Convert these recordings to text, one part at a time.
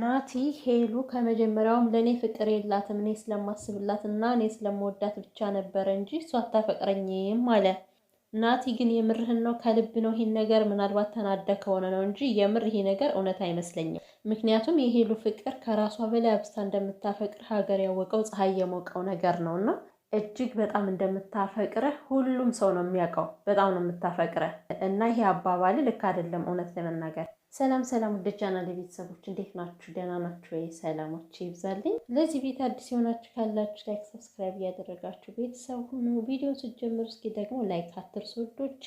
ናቲ ሄሉ ከመጀመሪያውም ለእኔ ፍቅር የላትም እኔ ስለማስብላት እና እኔ ስለመወዳት ብቻ ነበረ እንጂ እሷ አታፈቅረኝም አለ። ናቲ ግን የምርህን ነው ከልብ ነው ይሄን ነገር ምናልባት ተናደ ከሆነ ነው እንጂ የምር ይሄ ነገር እውነት አይመስለኝም። ምክንያቱም የሄሉ ፍቅር ከራሷ በላይ አብስታ እንደምታፈቅር ሀገር ያወቀው ፀሐይ የሞቀው ነገር ነው እና እጅግ በጣም እንደምታፈቅርህ ሁሉም ሰው ነው የሚያውቀው። በጣም ነው የምታፈቅርህ እና ይሄ አባባል ልክ አይደለም፣ እውነት ለመናገር። ሰላም ሰላም፣ ወደ ቻናል ቤተሰቦች እንዴት ናችሁ? ደህና ናችሁ ወይ? ሰላሞች ይብዛልኝ። ለዚህ ቤት አዲስ የሆናችሁ ካላችሁ ላይክ፣ ሰብስክራይብ እያደረጋችሁ ቤተሰብ ሁኑ። ቪዲዮ ስጀምር እስኪ ደግሞ ላይክ አትርሱ ውዶቼ።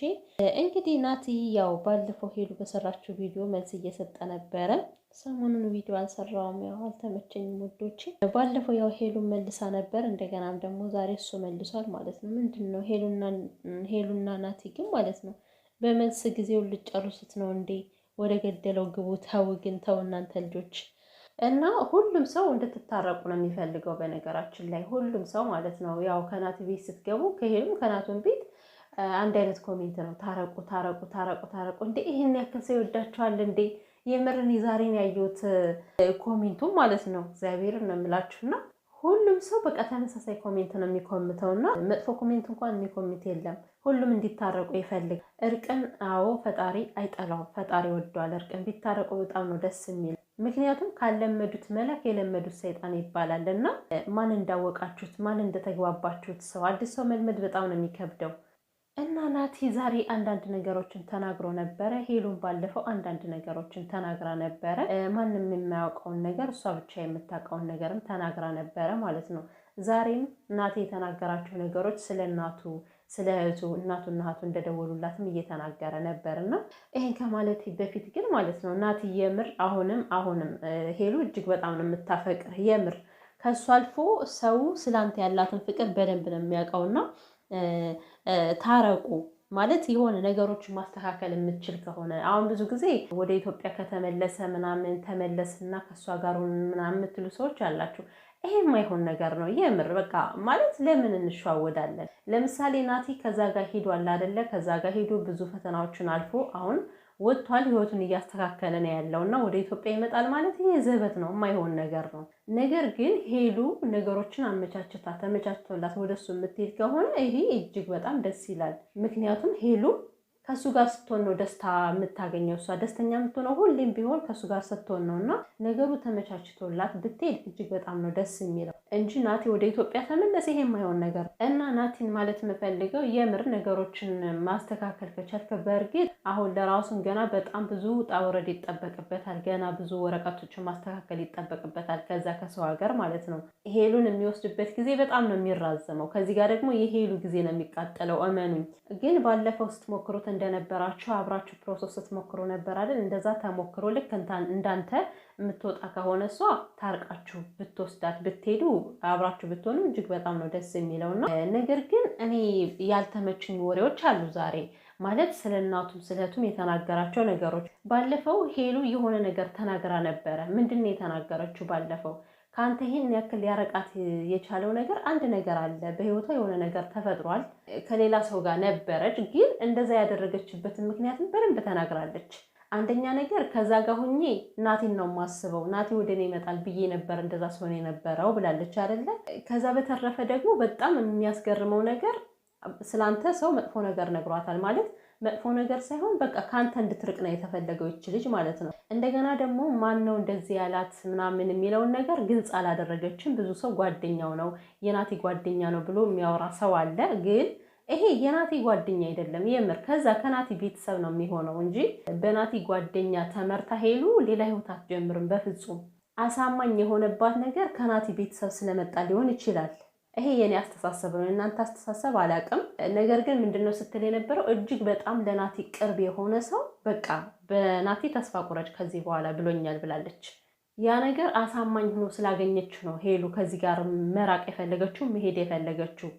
እንግዲህ ናቲ ያው ባለፈው ሄዱ በሰራችሁ ቪዲዮ መልስ እየሰጠ ነበረ ሰሞኑን ቪዲዮ አልሰራውም፣ ያው አልተመቸኝም ውዶቼ። ባለፈው ያው ሄሉ መልሳ ነበር፣ እንደገናም ደግሞ ዛሬ እሱ መልሷል ማለት ነው። ምንድን ነው ሄሉና ናቲ ግን ማለት ነው በመልስ ጊዜው ልጨርሱት ነው እንዴ? ወደ ገደለው ግቡ። ተው ግን ተው እናንተ ልጆች። እና ሁሉም ሰው እንድትታረቁ ነው የሚፈልገው። በነገራችን ላይ ሁሉም ሰው ማለት ነው ያው ከናት ቤት ስትገቡ ከሄሉም ከናቱን ቤት አንድ አይነት ኮሜንት ነው፣ ታረቁ ታረቁ ታረቁ ታረቁ። እንዴ ይህን ያክል ሰው ይወዳቸዋል እንዴ? የምርን የዛሬን ያየሁት ኮሜንቱ ማለት ነው። እግዚአብሔር ነው የምላችሁና ሁሉም ሰው በቃ ተመሳሳይ ኮሜንት ነው የሚኮምተው እና መጥፎ ኮሜንት እንኳን የሚኮምት የለም። ሁሉም እንዲታረቁ ይፈልግ። እርቅን አዎ ፈጣሪ አይጠላውም፣ ፈጣሪ ወዷል። እርቅን ቢታረቁ በጣም ነው ደስ የሚል። ምክንያቱም ካለመዱት መላክ የለመዱት ሰይጣን ይባላል እና ማን እንዳወቃችሁት ማን እንደተግባባችሁት ሰው አዲስ ሰው መልመድ በጣም ነው የሚከብደው። እና ናቲ ዛሬ አንዳንድ ነገሮችን ተናግሮ ነበረ። ሄሉን ባለፈው አንዳንድ ነገሮችን ተናግራ ነበረ። ማንም የማያውቀውን ነገር እሷ ብቻ የምታውቀውን ነገርም ተናግራ ነበረ ማለት ነው። ዛሬም ናቲ የተናገራቸው ነገሮች ስለ እናቱ ስለ እህቱ እናቱ እና እህቱ እንደደወሉላትም እየተናገረ ነበር እና ይሄን ከማለት በፊት ግን ማለት ነው ናቲ የምር አሁንም አሁንም ሄሉ እጅግ በጣም ነው የምታፈቅር የምር ከእሱ አልፎ ሰው ስለአንተ ያላትን ፍቅር በደንብ ነው የሚያውቀውና ታረቁ ማለት የሆነ ነገሮችን ማስተካከል የምትችል ከሆነ አሁን ብዙ ጊዜ ወደ ኢትዮጵያ ከተመለሰ ምናምን ተመለስና ከእሷ ጋር ምናምን የምትሉ ሰዎች አላችሁ። ይሄ የማይሆን ነገር ነው። የምር በቃ ማለት ለምን እንሸዋወዳለን? ለምሳሌ ናቲ ከዛ ጋር ሄዷል አይደለ? ከዛ ጋር ሄዶ ብዙ ፈተናዎችን አልፎ አሁን ወጥቷል። ህይወቱን እያስተካከለ ነው ያለው እና ወደ ኢትዮጵያ ይመጣል ማለት ይሄ ዘበት ነው፣ የማይሆን ነገር ነው። ነገር ግን ሄሉ ነገሮችን አመቻችታ ተመቻችቶላት ወደሱ የምትሄድ ከሆነ ይሄ እጅግ በጣም ደስ ይላል። ምክንያቱም ሄሉ ከሱ ጋር ስትሆን ነው ደስታ የምታገኘው። እሷ ደስተኛ የምትሆነው ሁሌም ቢሆን ከሱ ጋር ስትሆን ነው እና ነገሩ ተመቻችቶላት ብትሄድ እጅግ በጣም ነው ደስ የሚለው። እንጂ ናቲ ወደ ኢትዮጵያ ተመለሰ፣ ይሄ የማይሆን ነገር እና ናቲን ማለት የምፈልገው የምር ነገሮችን ማስተካከል ከቻልከ፣ በእርግጥ አሁን ለራሱም ገና በጣም ብዙ ውጣ ውረድ ይጠበቅበታል። ገና ብዙ ወረቀቶችን ማስተካከል ይጠበቅበታል። ከዛ ከሰው ሀገር ማለት ነው። ሄሉን የሚወስድበት ጊዜ በጣም ነው የሚራዘመው። ከዚህ ጋር ደግሞ የሄሉ ጊዜ ነው የሚቃጠለው። እመኑኝ። ግን ባለፈው ስትሞክሩት እንደነበራችሁ አብራችሁ ፕሮሰስ ስትሞክሩ ነበር አይደል? እንደዛ ተሞክሮ ልክ እንዳንተ የምትወጣ ከሆነ እሷ ታርቃችሁ ብትወስዳት ብትሄዱ አብራችሁ ብትሆኑ እጅግ በጣም ነው ደስ የሚለውና ነገር ግን እኔ ያልተመችኝ ወሬዎች አሉ ዛሬ ማለት ስለ እናቱም ስለቱም የተናገራቸው ነገሮች። ባለፈው ሄሉ የሆነ ነገር ተናግራ ነበረ። ምንድን ነው የተናገረችው? ባለፈው ከአንተ ይህን ያክል ሊያረቃት የቻለው ነገር አንድ ነገር አለ፣ በህይወቷ የሆነ ነገር ተፈጥሯል። ከሌላ ሰው ጋር ነበረች፣ ግን እንደዛ ያደረገችበትን ምክንያትም በደንብ ተናግራለች። አንደኛ ነገር ከዛ ጋር ሁኜ ናቴን ነው የማስበው። ናቴ ወደ እኔ ይመጣል ብዬ ነበር እንደዛ ሲሆን የነበረው ብላለች አይደለ? ከዛ በተረፈ ደግሞ በጣም የሚያስገርመው ነገር ስለአንተ ሰው መጥፎ ነገር ነግሯታል ማለት መጥፎ ነገር ሳይሆን በቃ ከአንተ እንድትርቅ ነው የተፈለገው ይች ልጅ ማለት ነው። እንደገና ደግሞ ማን ነው እንደዚህ ያላት ምናምን የሚለውን ነገር ግልጽ አላደረገችም። ብዙ ሰው ጓደኛው ነው የናቲ ጓደኛ ነው ብሎ የሚያወራ ሰው አለ ግን ይሄ የናቲ ጓደኛ አይደለም። የምር ከዛ ከናቲ ቤተሰብ ነው የሚሆነው እንጂ በናቲ ጓደኛ ተመርታ ሄሉ ሌላ ህይወት አትጀምርም። በፍጹም አሳማኝ የሆነባት ነገር ከናቲ ቤተሰብ ስለመጣ ሊሆን ይችላል። ይሄ የኔ አስተሳሰብ ነው። እናንተ አስተሳሰብ አላውቅም። ነገር ግን ምንድነው ስትል የነበረው እጅግ በጣም ለናቲ ቅርብ የሆነ ሰው በቃ በናቲ ተስፋ ቁረጭ ከዚህ በኋላ ብሎኛል ብላለች። ያ ነገር አሳማኝ ሆኖ ስላገኘች ነው ሄሉ ከዚህ ጋር መራቅ የፈለገችው መሄድ የፈለገችው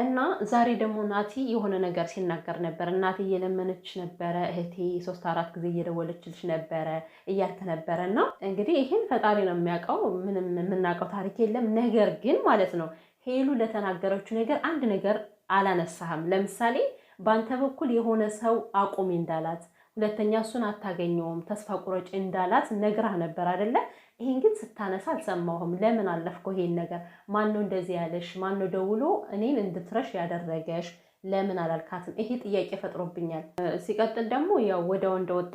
እና ዛሬ ደግሞ ናቲ የሆነ ነገር ሲናገር ነበር። እናቴ እየለመነች ነበረ፣ እህቴ ሶስት አራት ጊዜ እየደወለችልሽ ነበረ እያልክ ነበረ። እና እንግዲህ ይህን ፈጣሪ ነው የሚያውቀው፣ ምንም የምናውቀው ታሪክ የለም። ነገር ግን ማለት ነው ሄሉ ለተናገረችው ነገር አንድ ነገር አላነሳህም። ለምሳሌ በአንተ በኩል የሆነ ሰው አቁሚ እንዳላት፣ ሁለተኛ እሱን አታገኘውም፣ ተስፋ ቁረጭ እንዳላት ነግራህ ነበር አይደለ? ይሄን ግን ስታነሳ አልሰማሁም። ለምን አለፍኩ ይሄን ነገር? ማነው እንደዚህ ያለሽ? ማነው ደውሎ እኔን እንድትረሽ ያደረገሽ? ለምን አላልካትም? ይሄ ጥያቄ ፈጥሮብኛል። ሲቀጥል ደግሞ ያው ወዲያው እንደወጣ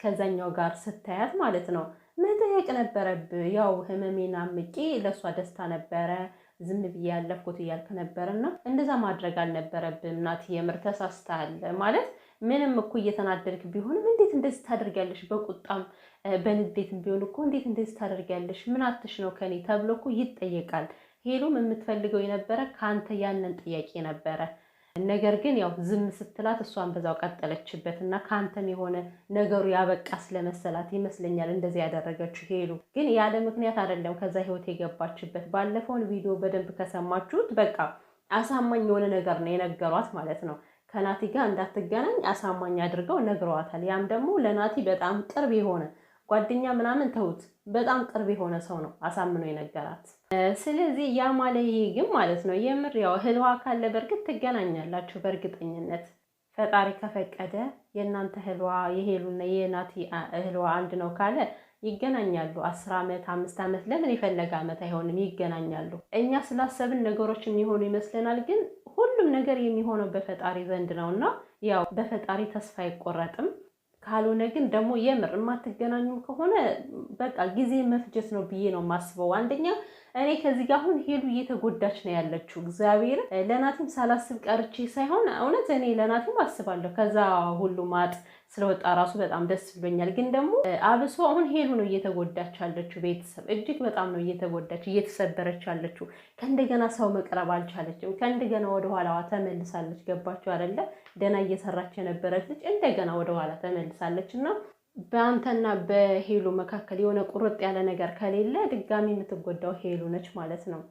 ከዛኛው ጋር ስታያት ማለት ነው መጠየቅ ነበረብ። ያው ህመሜን አምቄ ለእሷ ደስታ ነበረ ዝም ብዬ ያለፍኩት እያልክ ነበር እና እንደዛ ማድረግ አልነበረብም። ናት የምር ተሳስተሃል ማለት ምንም እኮ እየተናደድክ ቢሆንም እንዴት እንደዚህ ታደርጊያለሽ? በቁጣም በንዴትም ቢሆን እኮ እንዴት እንደዚህ ታደርጊያለሽ? ምን አትሽ ነው ከኔ ተብሎ እኮ ይጠየቃል። ሄሉም የምትፈልገው የነበረ ከአንተ ያንን ጥያቄ ነበረ። ነገር ግን ያው ዝም ስትላት እሷን በዛው ቀጠለችበት እና ከአንተም የሆነ ነገሩ ያበቃ ስለመሰላት ይመስለኛል እንደዚህ ያደረገችው። ሄሉ ግን ያለ ምክንያት አይደለም ከዛ ህይወት የገባችበት። ባለፈውን ቪዲዮ በደንብ ከሰማችሁት በቃ አሳማኝ የሆነ ነገር ነው የነገሯት ማለት ነው። ከናቲ ጋር እንዳትገናኝ አሳማኝ አድርገው ነግረዋታል። ያም ደግሞ ለናቲ በጣም ቅርብ የሆነ ጓደኛ ምናምን ተውት፣ በጣም ቅርብ የሆነ ሰው ነው አሳምኖ የነገራት። ስለዚህ ያ ማለ ግን ማለት ነው የምር ያው ህልዋ ካለ በእርግጥ ትገናኛላችሁ በእርግጠኝነት ፈጣሪ ከፈቀደ የእናንተ ህልዋ የሄሉና የናቲ ህልዋ አንድ ነው ካለ ይገናኛሉ። አስር ዓመት አምስት ዓመት ለምን የፈለገ ዓመት አይሆንም ይገናኛሉ። እኛ ስላሰብን ነገሮች የሚሆኑ ይመስለናል፣ ግን ሁሉም ነገር የሚሆነው በፈጣሪ ዘንድ ነው እና ያው በፈጣሪ ተስፋ አይቆረጥም። ካልሆነ ግን ደግሞ የምር የማትገናኙ ከሆነ በቃ ጊዜ መፍጀት ነው ብዬ ነው የማስበው አንደኛ እኔ ከዚህ ጋር አሁን ሄሉ እየተጎዳች ነው ያለችው። እግዚአብሔር ለናቲም ሳላስብ ቀርቼ ሳይሆን እውነት እኔ ለናቲም አስባለሁ። ከዛ ሁሉ ማጥ ስለወጣ ራሱ በጣም ደስ ብሎኛል። ግን ደግሞ አብሶ አሁን ሄሉ ነው እየተጎዳች ያለችው። ቤተሰብ እጅግ በጣም ነው እየተጎዳች እየተሰበረች ያለችው። ከእንደገና ሰው መቅረብ አልቻለችም። ከእንደገና ወደኋላዋ ተመልሳለች። ገባችሁ አይደለ? ደህና እየሰራች የነበረች ልጅ እንደገና ወደኋላ ተመልሳለች እና በአንተና በሄሉ መካከል የሆነ ቁርጥ ያለ ነገር ከሌለ ድጋሚ የምትጎዳው ሄሉ ነች ማለት ነው።